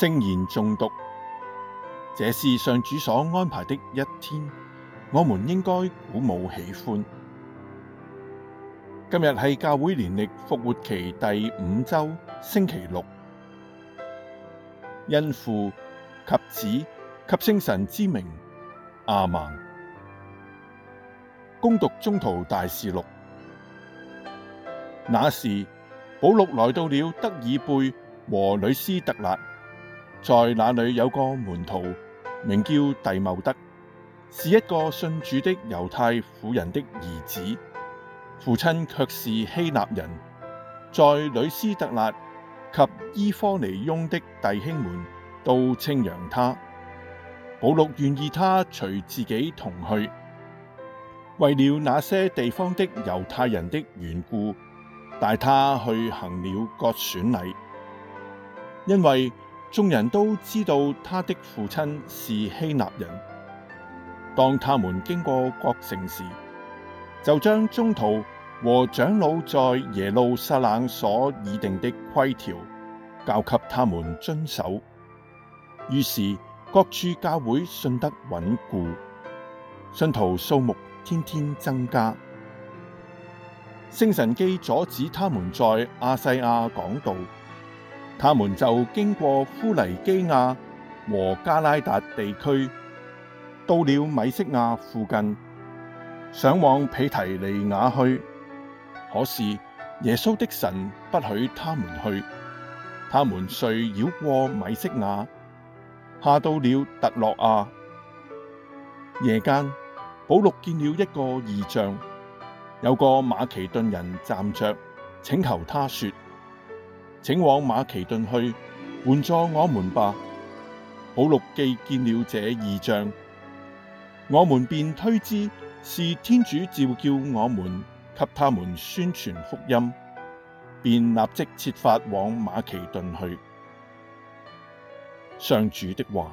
聖言誦讀，這是上主所安排的一天，我們應該鼓舞喜歡。今日係教會年曆復活期第五周星期六，因父及子及聖神之名，阿們。恭讀宗徒大事錄，那時保祿來到了德爾貝和呂斯特辣。在那裏有個門徒，名叫弟茂德，是一個信主的猶太婦人的兒子，父親却是希臘人。在呂斯特辣及依科尼雍的弟兄們都稱揚他。保祿願意他隨自己同去，為了那些地方的猶太人的緣故，帶他去行了割損禮，因為，眾人都知道他的父親是希臘人。當他們經過各城時，就將宗徒和長老在耶路撒冷所擬定的規條交給他們遵守。於是各處教會信德穩固，信徒數目天天增加。聖神既阻止他們在亞細亞講道。他們就經過夫黎基雅和迦拉達地區，到了米息雅附近，想往彼提尼雅去，可是耶穌的神不許他們去。他們遂繞過米息雅，下到了特洛阿。夜間，保祿見了一個異象，有個馬其頓人站着，請求他說。請往馬其頓去，援助我們吧。保禄既見了這異象，我們便推知是天主召叫我們給他們宣傳福音，便立即設法往馬其頓去。上主的話。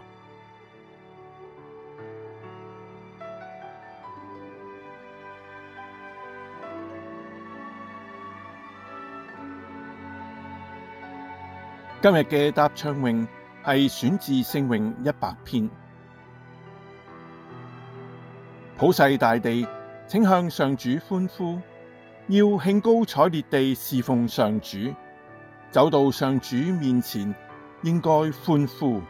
今日嘅答唱詠，係選自聖詠一百篇，普世大地，請向上主歡呼，要興高采烈地侍奉上主，走到上主面前，應該歡呼。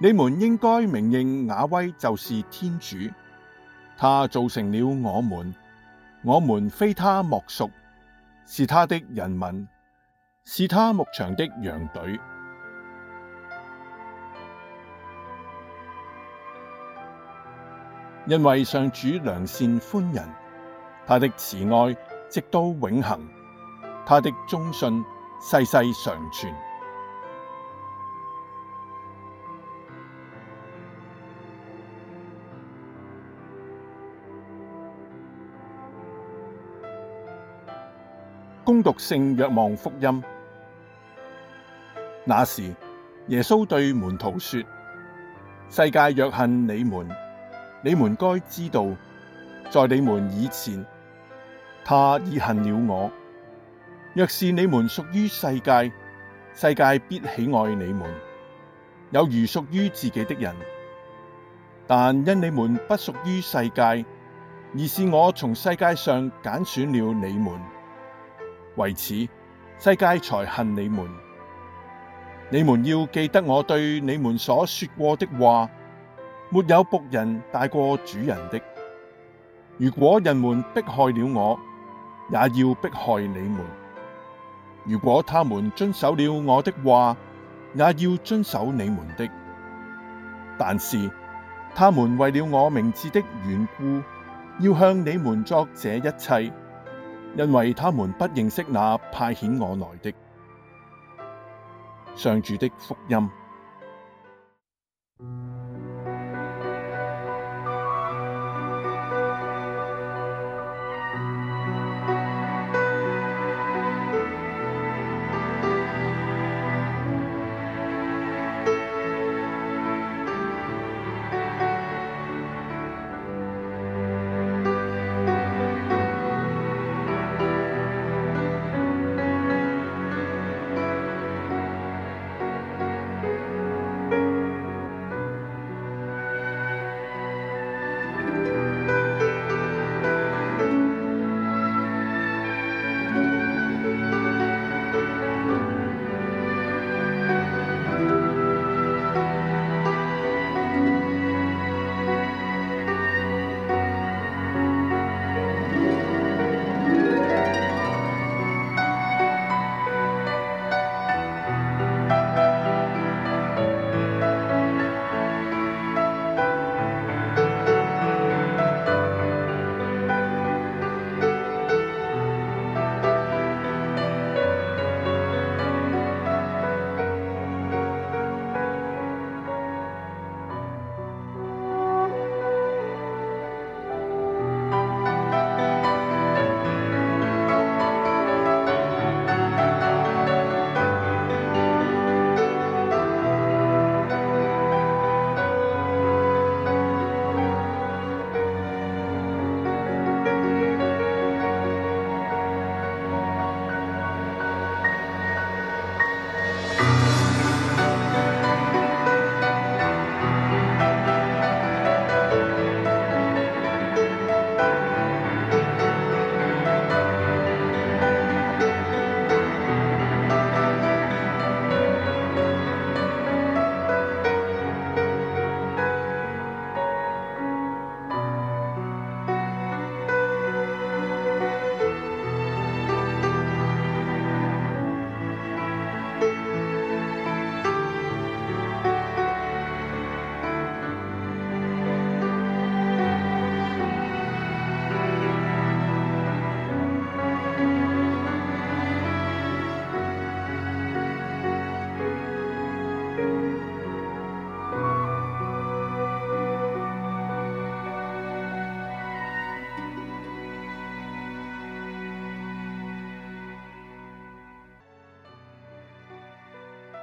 你們應該明認雅威就是天主，他造成了我們。我們非他莫屬，是他的人民，是他牧場的羊隊。因為上主良善寬仁，他的慈愛直到永恒，他的忠信世世常存。恭讀聖若望福音。那時耶穌對門徒說：世界若恨你們，你們該知道，在你們以前，他已恨了我。若是你們屬於世界，世界必喜愛你們，有如屬於自己的人。但因你們不屬於世界，而是我從世界上揀選了你們。為此，世界才恨你們。你們要記得我對你們所說過的話：沒有僕人大過主人的。如果人們迫害了我，也要迫害你們；如果他們遵守了我的話，也要遵守你們的。但是，他們為了我名字的緣故，要向你們作這一切。因為他們不認識那派遣我來的。——上主的福音。